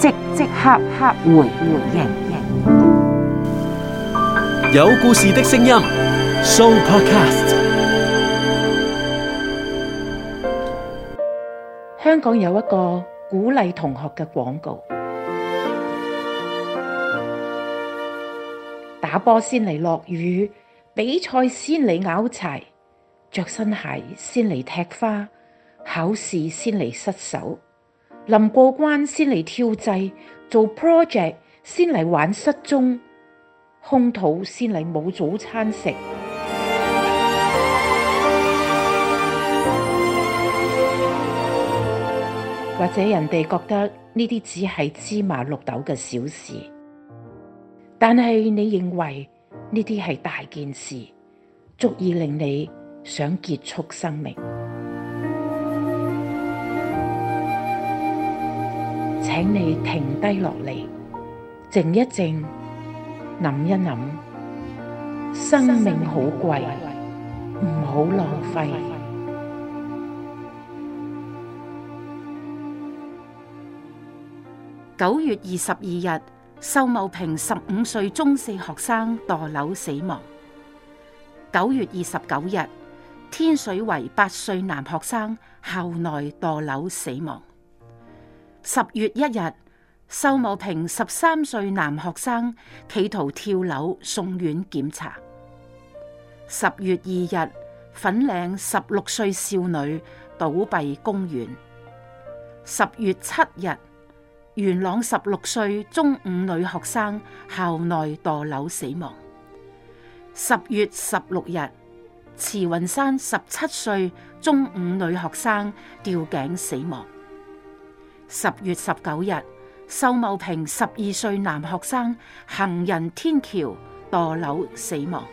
即即刻刻，刻回回應，有故事的聲音，Show Podcast。香港有一個鼓勵同學嘅廣告：打波先嚟落雨，比賽先嚟拗柴，着新鞋先嚟踢花，考試先嚟失手。臨過關先嚟跳掣，做 project 先嚟玩失蹤，空肚先嚟冇早餐食， 或者人哋覺得呢啲只係芝麻綠豆嘅小事，但係你認為呢啲係大件事，足以令你想結束生命。請你停低落嚟，靜一靜，諗一諗，生命好貴，唔好浪費。九月二十二日，秀茂坪十五歲中四學生墮樓死亡；九月二十九日，天水圍八歲男學生校內墮樓死亡。十月一日，秀茂坪十三歲男學生企圖跳樓送院檢查。十月二日，粉嶺十六歲少女倒斃公園。十月七日，元朗十六歲中五女學生校內墮樓死亡。十月十六日，慈雲山十七歲中五女學生吊頸死亡。十月十九日，秀茂坪十二歲男學生行人天橋墮樓死亡。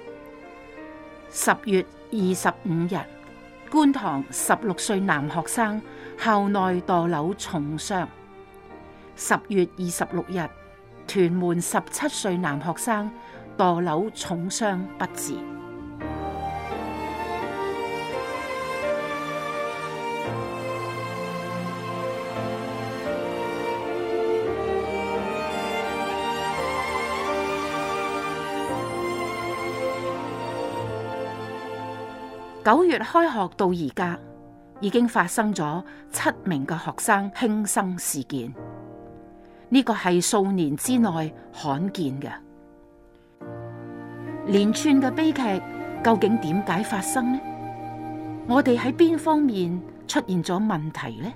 十月二十五日，觀塘十六歲男學生校內墮樓重傷。十月二十六日，屯門十七歲男學生墮樓重傷不治。九月開學到而家，已經發生咗七名嘅學生輕生事件。呢、這個係數年之內罕見嘅連串嘅悲劇，究竟點解發生呢？我哋喺邊方面出現咗問題呢？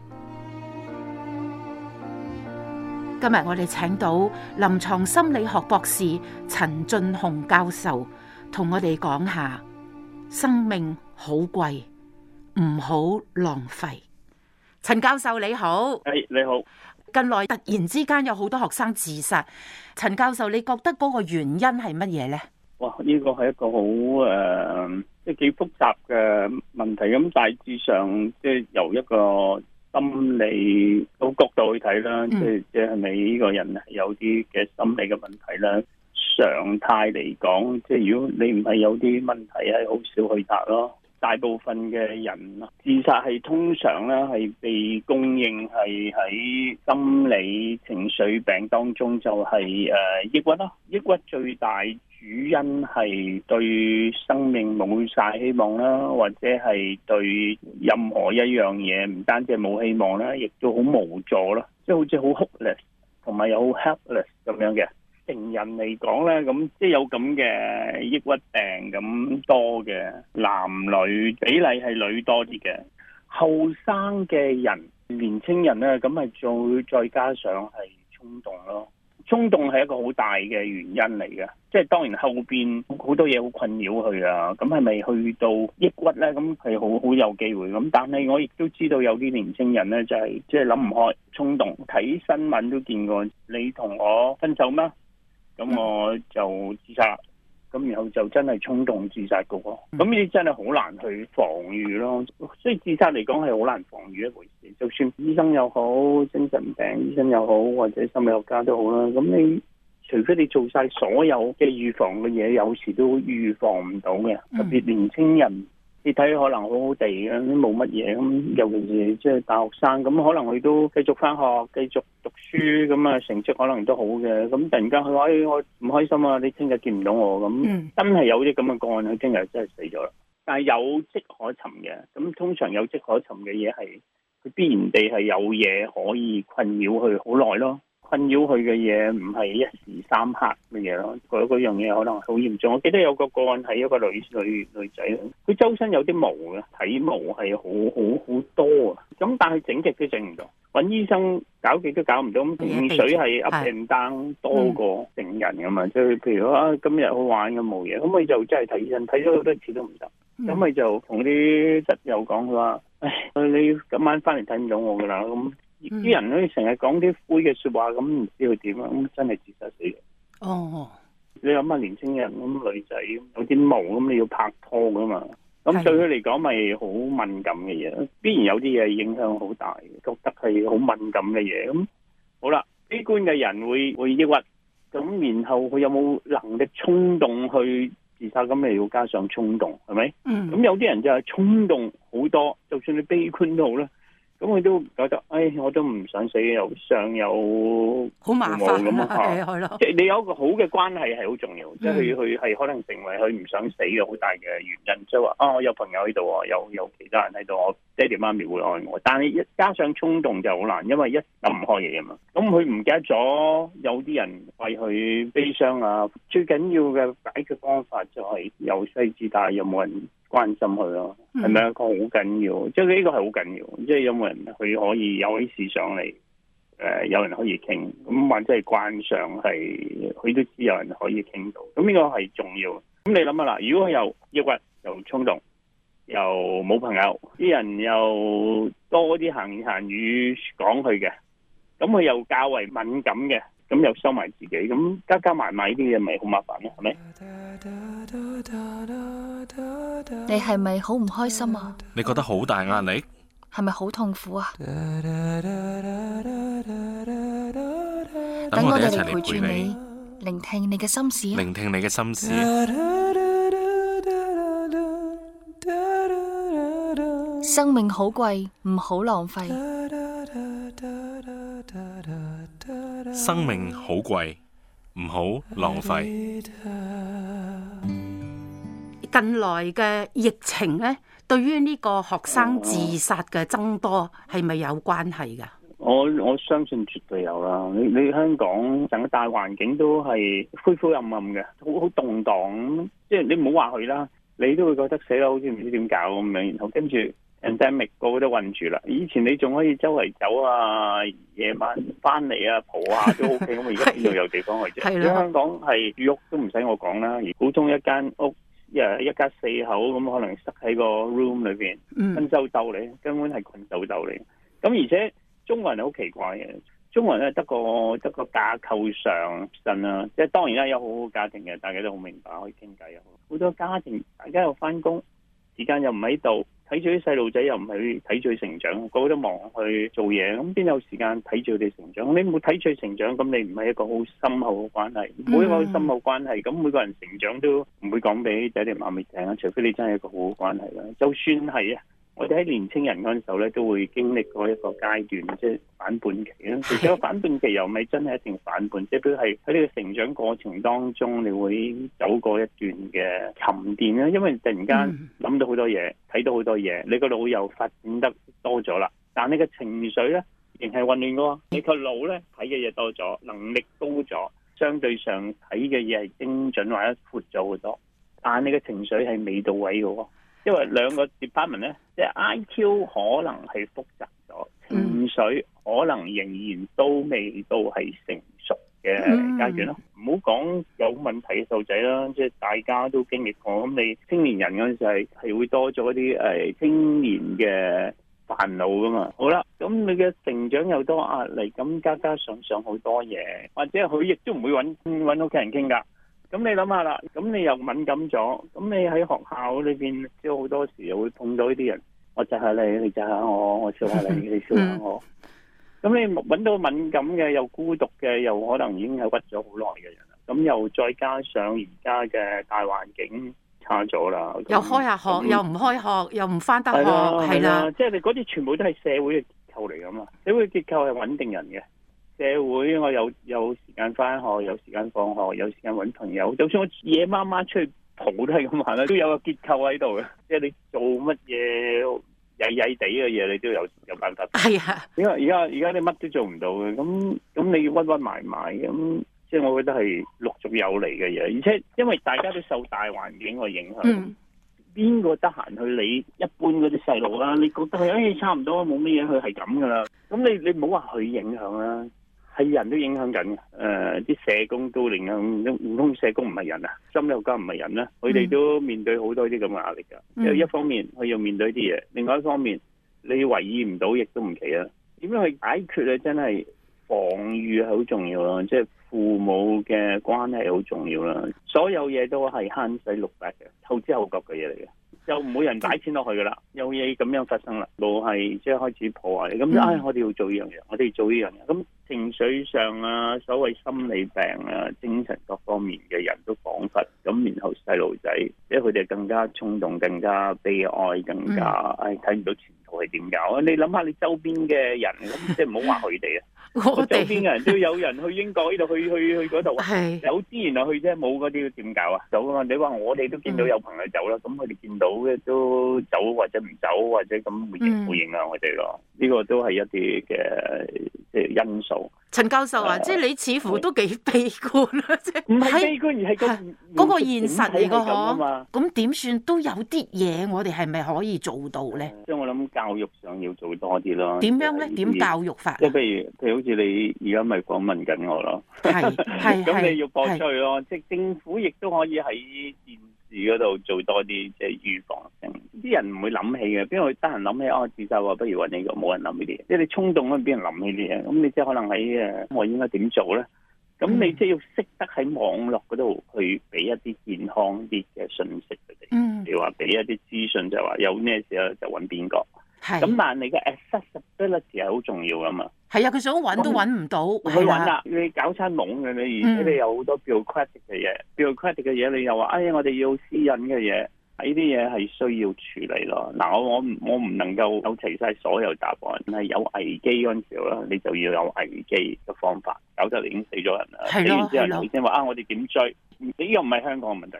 今日我哋請到臨床心理學博士陳俊雄教授，同我哋講下生命。好貴，唔好浪費。陳教授你好，誒、hey, 你好。近來突然之間有好多學生自殺，陳教授你覺得嗰個原因係乜嘢呢？哇，呢個係一個好誒，即係幾複雜嘅問題。咁大致上，即係由一個心理嘅角度去睇啦，即係即係你呢個人有啲嘅心理嘅問題啦。常態嚟講，即係如果你唔係有啲問題咧，係好少去答咯。大部分嘅人自殺係通常咧，係被公認係喺心理情緒病當中就係誒抑鬱咯，抑鬱最大主因係對生命冇晒希望啦，或者係對任何一樣嘢唔單止係冇希望啦，亦都好無助咯，即係好似好 hopeless 同埋有好 helpless 咁樣嘅。成人嚟講呢，咁即係有咁嘅抑鬱病，咁多嘅，男女比例係女多啲嘅。後生嘅人，年青人呢，咁係再再加上係衝動咯。衝動係一個好大嘅原因嚟嘅，即係當然後邊好多嘢好困擾佢啊。咁係咪去到抑鬱呢？咁係好好有機會。咁但係我亦都知道有啲年青人呢，就係即係諗唔開，衝動。睇新聞都見過，你同我分手咩？咁我就自殺，咁然後就真係衝動自殺嘅喎。咁呢啲真係好難去防禦咯。所以自殺嚟講係好難防禦一回事。就算醫生又好，精神病醫生又好，或者心理學家都好啦。咁你除非你做晒所有嘅係預防嘅嘢，有時都預防唔到嘅。特別年輕人。你睇可能好好地嘅，冇乜嘢。咁尤其是即係大學生，咁可能佢都繼續翻學，繼續讀書，咁啊成績可能都好嘅。咁突然間佢話、哎、我唔開心啊！你聽日見唔到我咁，真係有啲咁嘅個案，佢聽日真係死咗啦。但係有跡可尋嘅，咁通常有跡可尋嘅嘢係，佢必然地係有嘢可以困擾佢好耐咯。困擾佢嘅嘢唔係一時三刻嘅嘢咯，嗰樣嘢可能好嚴重。我記得有個個案係一個女女女仔，佢周身有啲毛嘅，體毛係好好好多啊。咁但係整極都整唔到，揾醫生搞極都搞唔到。咁病水係 up and down 多過成人噶嘛，即係譬如啊，今日好玩咁冇嘢，咁佢就真係睇醫生，睇咗好多次都唔得，咁佢的就同啲室友講佢話：唉，你今晚翻嚟睇唔到我㗎啦咁。啲、嗯、人咧成日講啲灰嘅說話咁，唔知佢點樣？咁真係自殺死嘅。哦，你諗下年輕人，咁女仔，有啲毛，咁，你要拍拖噶嘛？咁對佢嚟講，咪好是敏感嘅嘢。必然有啲嘢影響好大嘅，覺得係好敏感嘅嘢。咁好啦，悲觀嘅人會會抑鬱，咁然後佢有冇能力衝動去自殺？咁咪要加上衝動，係咪？嗯。咁有啲人就係衝動好多，就算你悲觀都好啦。咁佢都覺得，唉、哎，我都唔想死，又上有好麻煩咁啊，係啊樣，咯的，即係你有一個好嘅關係係好重要，嗯、即係佢係可能成為佢唔想死嘅好大嘅原因，即係話啊，我、哦、有朋友喺度啊，有有其他人喺度我。爹哋媽咪會愛我，但係一加上衝動就好難，因為一諗唔開嘢啊嘛。咁佢唔記得咗有啲人為佢悲傷啊。最緊要嘅解決方法就係由細至大有冇人關心佢咯，係咪？一個好緊要，即係呢個係好緊要，即係有冇人佢可以有啲事上嚟，誒有人可以傾，咁或者係關上係佢都知有人可以傾到，咁呢個係重要。咁你諗下啦，如果又抑鬱又衝動。又冇朋友，啲人又多啲閒言閒語講佢嘅，咁佢又較為敏感嘅，咁又收埋自己，咁加加埋埋呢啲嘢咪好麻煩咯，係咪？你係咪好唔開心啊？你覺得好大壓力？係咪好痛苦啊？等我哋一齊嚟陪住你，聆聽你嘅心事，聆聽你嘅心事。生命好貴，唔好浪費。生命好貴，唔好浪費。近來嘅疫情咧，對於呢個學生自殺嘅增多係咪有關係㗎？我我相信絕對有啦。你你香港成個大環境都係灰灰暗暗嘅，好好動盪。即係你唔好話佢啦，你都會覺得死啦，好似唔知點搞咁樣，然後跟住。人哋咪個個都困住啦。以前你仲可以周圍走啊，夜晚翻嚟啊，蒲下都 OK。咁而家邊度有地方去啫？ 的香港係住屋都唔使我講啦。而普通一間屋，誒一家四口咁，可能塞喺個 room 裏邊，分周周你，根本係困周周嚟。咁而且中國人好奇怪嘅，中國人咧得個得個架構上真啦、啊，即係當然啦，有好好家庭嘅，大家都好明白，可以傾偈又好，好多家庭大家又翻工，時間又唔喺度。睇住啲細路仔又唔係睇住佢成長，個個都忙去做嘢，咁邊有時間睇住佢哋成長？你冇睇住佢成長，咁你唔係一個好深厚嘅關係。每一個深厚關係，咁每個人成長都唔會講俾仔女媽咪聽啊！除非你真係一個好好關係啦，就算係啊。我哋喺年青人嗰陣時候咧，都會經歷過一個階段，即係反叛期啦。其實個反叛期又咪真係一定反叛，即係都係喺呢個成長過程當中，你會走過一段嘅沉澱啦。因為突然間諗到好多嘢，睇到好多嘢，你個腦又發展得多咗啦。但你嘅情緒咧，仍係混亂噶。你個腦咧睇嘅嘢多咗，能力高咗，相對上睇嘅嘢係精準或者闊咗好多。但你嘅情緒係未到位嘅。因為兩個 department 咧，即係 IQ 可能係複雜咗，情緒可能仍然都未到係成熟嘅階段咯。唔好講有問題嘅細路仔啦，即係大家都經歷過。咁你青年人嗰陣時係係會多咗一啲誒青年嘅煩惱㗎嘛。好啦，咁你嘅成長又多壓力，咁加加上上好多嘢，或者佢亦都唔會揾揾屋企人傾㗎。咁你諗下啦，咁你又敏感咗，咁你喺學校裏邊，即係好多時又會碰到呢啲人，我窒下你，你窒下我，我笑下你，你就笑下我。咁 你揾到敏感嘅、又孤獨嘅、又可能已經係屈咗好耐嘅人啦。咁又再加上而家嘅大環境差咗啦，又開下學，那，又唔開學，又唔翻得學，係啦的。即係你嗰啲全部都係社會嘅結構嚟噶嘛。社會結構係穩定人嘅。社會我有有時間翻學，有時間放學，有時間揾朋友。就算我夜媽媽出去蒲都係咁玩啦，都有個結構喺度嘅。即 係你做乜嘢曳曳地嘅嘢，你都有有辦法。係啊、哎呀，因為而家，而家你乜都做唔到嘅，咁咁你要屈屈埋埋，埋，埋，埋，咁即係我覺得係陸續有嚟嘅嘢。而且因為大家都受大環境嘅影響，邊個得閒去理一般嗰啲細路啦？你覺得佢誒、哎、差唔多，冇乜嘢，佢係咁噶啦。咁你你唔好話佢影響啦。係人都影響緊，誒、呃、啲社工都影響。唔通社工唔係人啊心理學家唔係人咧、啊？佢哋、mm. 都面對好多啲咁嘅壓力噶。有、mm. 一方面，佢要面對啲嘢，另外一方面，你為意唔到亦都唔奇啦。點樣去解決咧？真係防禦係好重要啦。即、就是、父母嘅關係好重要啦。所有嘢都係慳仔六百嘅後知後覺嘅嘢嚟嘅。又唔會有人擺錢落去噶啦，又嘢咁樣發生啦，路係即係開始破壞。咁唉，我哋要做呢樣嘢，我哋要做呢樣嘢。咁情緒上啊，所謂心理病啊，精神各方面嘅人都廣泛咁，然後細路仔，即係佢哋更加衝動、更加悲哀、更加唉，睇唔到前途係點搞啊！你諗下你周邊嘅人，即係唔好話佢哋啊。我哋周邊人都有人去英國呢度去去去嗰度啊，係有資源就去啫，冇嗰啲點搞啊？走啊嘛！你話我哋都見到有朋友走啦，咁佢哋見到嘅都走或者唔走或者咁會影會影響我哋咯？呢、嗯、個都係一啲嘅即因素。陳教授啊，呃、即係你似乎都幾悲觀，即係唔係悲觀而係、嗰個嗰、嗰個現實嚟噶嗬？咁點算都有啲嘢，我哋係咪可以做到咧？即係、嗯嗯、我諗教育上要做多啲咯。點、就是、樣咧？點教育法？即係譬如。譬好似你而家咪訪問緊我 咯，係咁你要破除咯，即係政府亦都可以喺電視嗰度做多啲誒預防性。啲人唔會諗起嘅，邊個得閒諗起？哦，自殺啊，不如揾你個冇人諗呢啲嘢，即係你衝動都邊人諗呢啲嘢？咁你即係可能喺誒我應該點做咧？咁你即係要識得喺網絡嗰度去俾一啲健康啲嘅信息佢哋。嗯。你話俾一啲資訊，就話有咩事咧就揾邊個？咁是但係你嘅 accessibility 係好重要噶嘛？係啊，佢想揾都揾唔到，去揾啦！你搞親懵嘅你，而且你有好多叫 credit 嘅嘢叫 credit 嘅嘢你又話，哎我哋要私隱嘅嘢，呢啲嘢係需要處理咯。嗱，我我我唔能夠有齊晒所有答案。但係有危機嗰陣時啦，你就要有危機嘅方法。搞出嚟已經死咗人啦，的死完之後你先話啊，我哋點追？你又唔係香港嘅問題，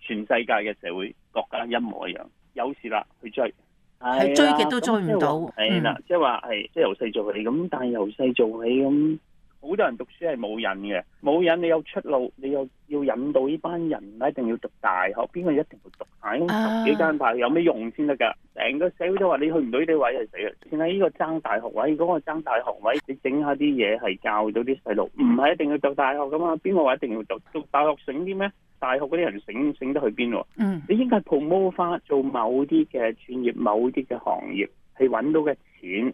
全世界嘅社會國家一模一樣，有事啦去追。係追極都追唔到，係啦、啊，即係話係即係由細做起咁，但係由細做起咁，好多人讀書係冇癮嘅，冇癮你有出路，你又要引導呢班人啊！一定要讀大學，邊個一定要讀？讀幾間大學有咩用先得噶？成個社會都話你去唔到呢啲位係死啦，先喺呢個爭大學位，如果我爭大學位，你整下啲嘢係教到啲細路，唔係一定要讀大學噶嘛？邊個話一定要讀大學醒啲咩？大學嗰啲人醒，醒得去邊喎？嗯、你應該 promote 翻，做某啲嘅專業，某啲嘅行業，係揾到嘅錢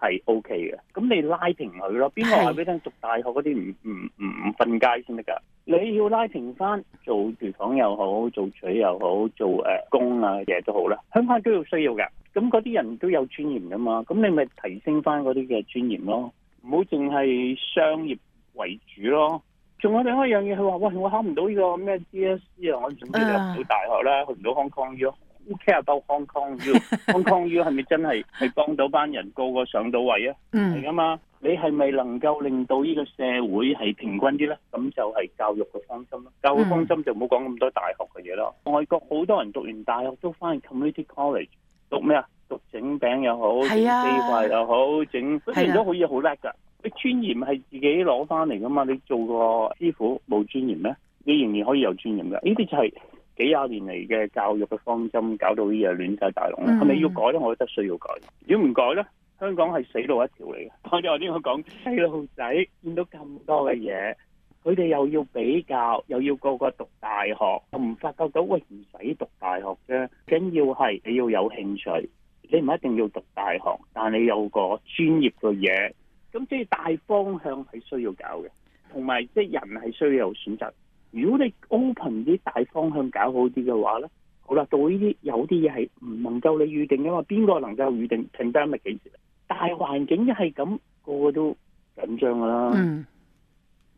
係 O K 嘅。咁，OK、你拉平佢咯。邊個話俾你聽讀大學嗰啲唔唔唔瞓街先得噶？你要拉平翻做廚房又好，做取又好，做誒、呃、工啊嘢都好啦。香港都要需要嘅。咁嗰啲人都有尊嚴噶嘛？咁你咪提升翻嗰啲嘅尊嚴咯。唔好淨係商業為主咯。仲有另外一樣嘢，佢話：喂，考這個 SE, uh, 我考唔到呢個咩 DSE 啊，我仲要入唔到大學啦，去唔到 Hong Kong U, who cares 到 Hong Kong U，Hong Kong U 係咪真係係幫到班人個個上到位啊？係噶、mm. 嘛，你係咪能夠令到呢個社會係平均啲咧？咁就係教育嘅方針咯。教育方針就唔好講咁多大學嘅嘢咯。Mm. 外國好多人讀完大學都翻去 community college 讀咩啊？讀整餅又好，整地塊又好，啊、整都變咗可以好叻噶。尊嚴係自己攞翻嚟噶嘛？你做個師傅冇尊嚴咩？你仍然可以有尊嚴嘅。呢啲就係幾廿年嚟嘅教育嘅方針，搞到呢樣亂晒大龍。係咪、嗯、要改咧？我覺得需要改。如果唔改咧，香港係死路一條嚟嘅。我哋呢個講細路仔，見到咁多嘅嘢，佢哋又要比較，又要個個讀大學，我唔發覺到喂唔使讀大學啫。緊要係你要有興趣，你唔一定要讀大學，但係你有個專業嘅嘢。咁即係大方向係需要搞嘅，同埋即係人係需要有選擇。如果你 open 啲大方向搞好啲嘅話咧，好啦，到呢啲有啲嘢係唔能夠你預定噶嘛？邊個能夠預定？訂單咪幾時？大環境一係咁，個個都緊張啦。嗯，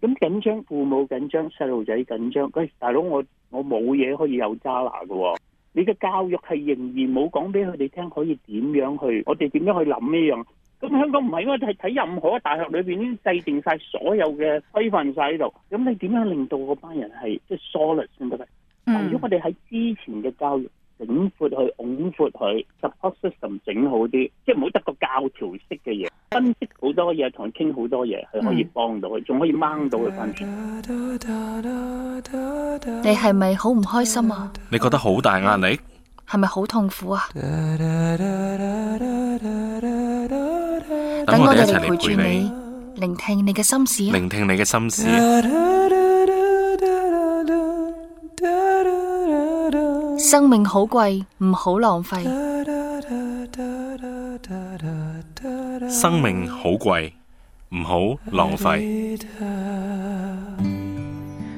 咁緊張，父母緊張，細路仔緊張。喂、哎，大佬，我我冇嘢可以有渣拿 n a 你嘅教育係仍然冇講俾佢哋聽可以點樣去，我哋點樣去諗呢樣？咁香港唔係，我哋係睇，任何大學裏邊已經制定晒所有嘅規範晒喺度。咁你點樣令到嗰班人係即係 solace 先得咧？如果我哋喺之前嘅教育整闊佢、拱闊佢、support system 咁整好啲，即係唔好得個教條式嘅嘢，分析好多嘢同佢傾好多嘢，佢可以幫到佢，仲可以掹到佢翻轉。你係咪好唔開心啊？你覺得好大壓力？係咪好痛苦啊？等我哋一齊嚟陪住你，聆聽你嘅心事，聆聽你嘅心事。生命好貴，唔好浪費。生命好貴，唔好浪費。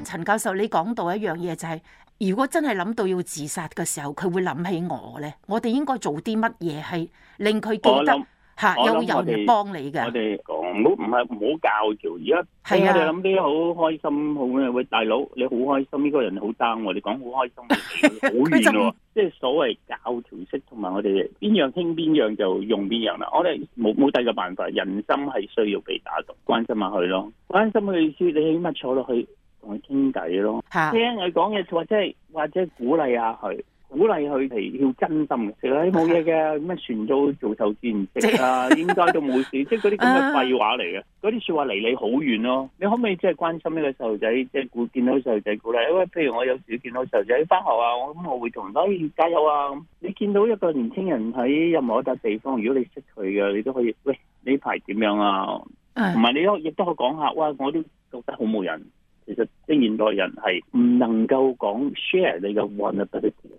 陳教授，你講到一樣嘢就係，如果真係諗到要自殺嘅時候，佢會諗起我咧，我哋應該做啲乜嘢係令佢記得？吓！我我有人嚟幫你嘅。我哋講唔好唔係唔好教條，而家是、啊欸、我哋諗啲好開心，好咩？喂，大佬你好開心，呢、這個人好憎，我哋講好開心，好 不遠咯、啊。即係所謂教條式，同埋我哋邊樣傾邊樣就用邊樣啦。我哋冇冇第二個辦法，人心係需要被打動，關心下佢咯，關心佢先。你起碼坐落去同佢傾偈咯，是啊、聽佢講嘢，或者係或者鼓勵下佢。鼓勵佢係要真心食，其實你冇嘢嘅，咩船的都做壽司唔食啊， 應該都冇事，即係嗰啲咁嘅廢話嚟嘅，嗰啲 說話離你好遠咯。你可唔可以即係關心呢個細路仔，即係鼓見到細路仔鼓勵？因、哎、為譬如我有時見到細路仔翻學啊，我咁我會同，喂、哎，加油啊！你見到一個年輕人喺任何一笪地方，如果你識佢嘅，你都可以，喂，呢排點樣啊？同埋的你可亦都可以講下，哇，我哋覺得好冇人。其實現代人係唔能夠講 share 你嘅運啊！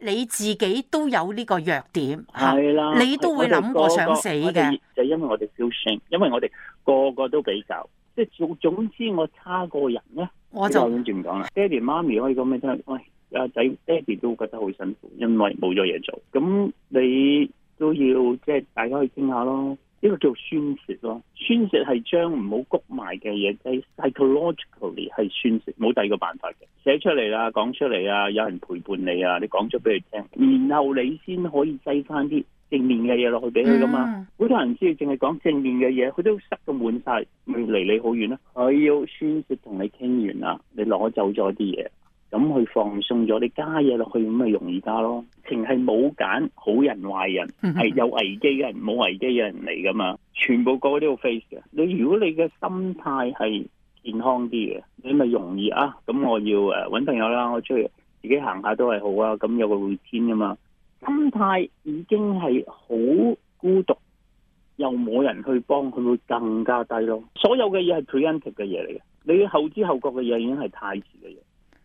你自己都有呢個弱點，係啦的，你都會諗過想死嘅。個個就因為我哋 feel shame，因為我哋個個都比較，即係總之我差過人咧。我就唔講啦。爹哋媽咪可以講咩啫？喂，阿仔，爹哋都覺得好辛苦，因為冇咗嘢做。咁你都要即係大家去傾下咯。呢個叫宣泄咯，宣泄係將唔好谷埋嘅嘢，即係 psychologically 係宣泄，冇第二個辦法嘅，寫出嚟啦，講出嚟啊，有人陪伴你啊，你講咗俾佢聽，然後你先可以擠翻啲正面嘅嘢落去俾佢噶嘛，好多人知只要淨係講正面嘅嘢，佢都塞到滿晒。咪離你好遠咯，我要宣泄同你傾完啦，你攞走咗啲嘢。咁去放鬆咗，你加嘢落去咁咪容易加咯。情係冇揀好人壞人，係有危機嘅人，冇危機嘅人嚟噶嘛。全部個個都要 face 嘅。你如果你嘅心態係健康啲嘅，你咪容易啊。咁我要誒揾朋友啦，我出去自己行下都係好啊。咁有個 routine 噶嘛。心態已經係好孤獨，又冇人去幫，佢會更加低咯。所有嘅嘢係 preemptive 嘅嘢嚟嘅，你後知後覺嘅嘢已經係太遲嘅嘢。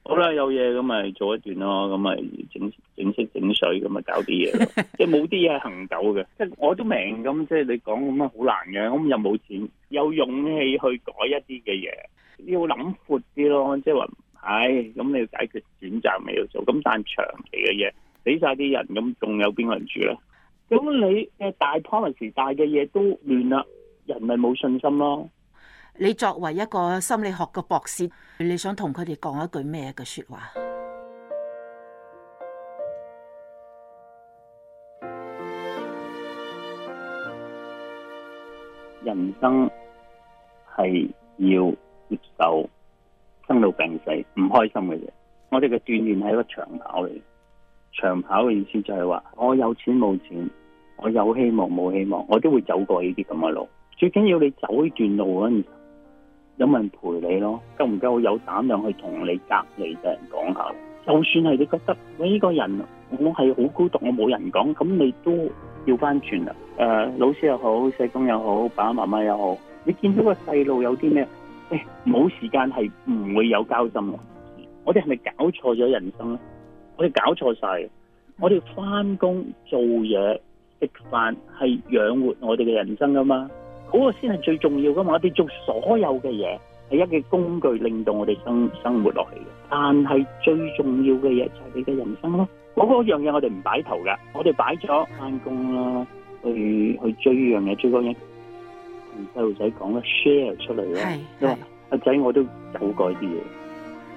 好啦，有嘢咁咪做一段咯，咁咪整整色整水咁咪搞啲嘢，即係冇啲嘢行走嘅，即係我都明咁，即係你講咁樣好難嘅，咁又冇錢，有勇氣去改一啲嘅嘢，要諗闊啲咯，即係話，唉，咁你要解決短債咪要做，咁但係長期嘅嘢，俾晒啲人咁，仲有邊個人住咧？咁你嘅大 policy 大嘅嘢都亂啦，人咪冇信心咯。你作為一個心理學嘅博士，你想同佢哋講一句咩嘅説話？人生係要接受生老病死，唔開心嘅嘢。我哋嘅鍛鍊係一個長跑嚟嘅，長跑嘅意思就係話：我有錢冇錢，我有希望冇希望，我都會走過呢啲咁嘅路。最緊要你走呢段路嗰陣時，有冇人陪你咯？夠唔夠有膽量去同你隔離嘅人講下？就算係你覺得呢、哎呢個人我係好孤獨，我冇人講，咁你都要翻轉啦。誒、呃，老師又好，社工又好，爸爸媽媽又好，你見到個細路有啲咩？誒、哎，冇時間係唔會有交心。我哋係咪搞錯咗人生咧？我哋搞錯晒。我哋翻工做嘢食飯係養活我哋嘅人生噶嘛？嗰個先係最重要噶嘛！我哋做所有嘅嘢係一個工具，令到我哋生生活落去嘅。但係最重要嘅嘢就係你嘅人生咯。嗰嗰樣嘢我哋唔擺頭噶，我哋擺咗返工啦，去去追呢樣嘢，追嗰樣嘢同細路仔講啦，share 出嚟咯。因為阿仔我都有過啲嘢，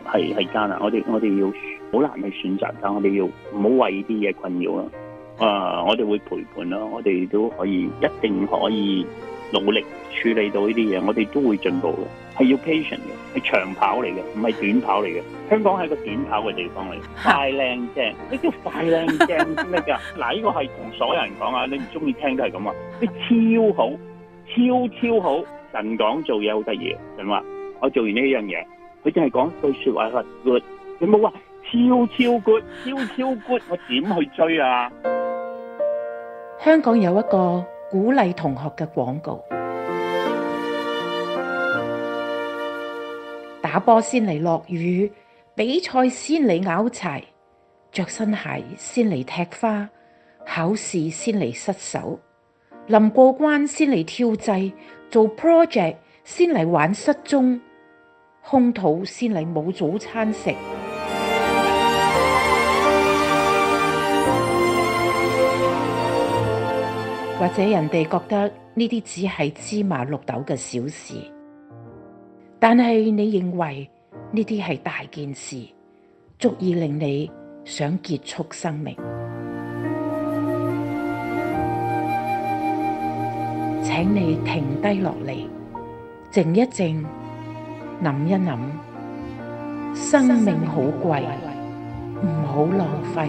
係係艱難啊！我哋我哋要好難去選擇噶，我哋要唔好為啲嘢困擾咯。啊，我哋會陪伴咯，我哋都可以，一定可以。努力處理到呢啲嘢，我哋都會進步嘅，係要 patient 嘅，係長跑嚟嘅，唔係短跑嚟嘅。香港係個短跑嘅地方嚟， 快靚正，呢啲快靚正乜嘅？嗱，呢個係同所有人講啊，你唔中意聽都係咁話，你超好，超超好。陳港做嘢好得意，陳話我做完呢一樣嘢，佢淨係講句説話係 good，佢冇話超超 good，超超 good，我點去追啊？香港有一個。鼓勵同學嘅廣告，打波先嚟落雨，比賽先嚟拗柴，着新鞋先嚟踢花，考試先嚟失手，臨過關先嚟跳掣，做 project 先嚟玩失蹤，空肚先嚟冇早餐食。或者人哋覺得呢啲只係芝麻綠豆嘅小事，但係你認為呢啲係大件事，足以令你想結束生命。請你停低落嚟，靜一靜，諗一諗，生命好貴，唔好浪費。